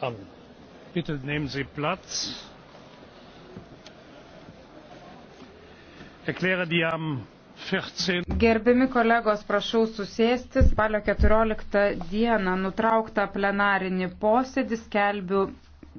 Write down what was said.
an. bitte nehmen sie platz. Gerbiami kolegos, prašau susėsti. Spalio 14 dieną nutrauktą plenarinį posėdį skelbiu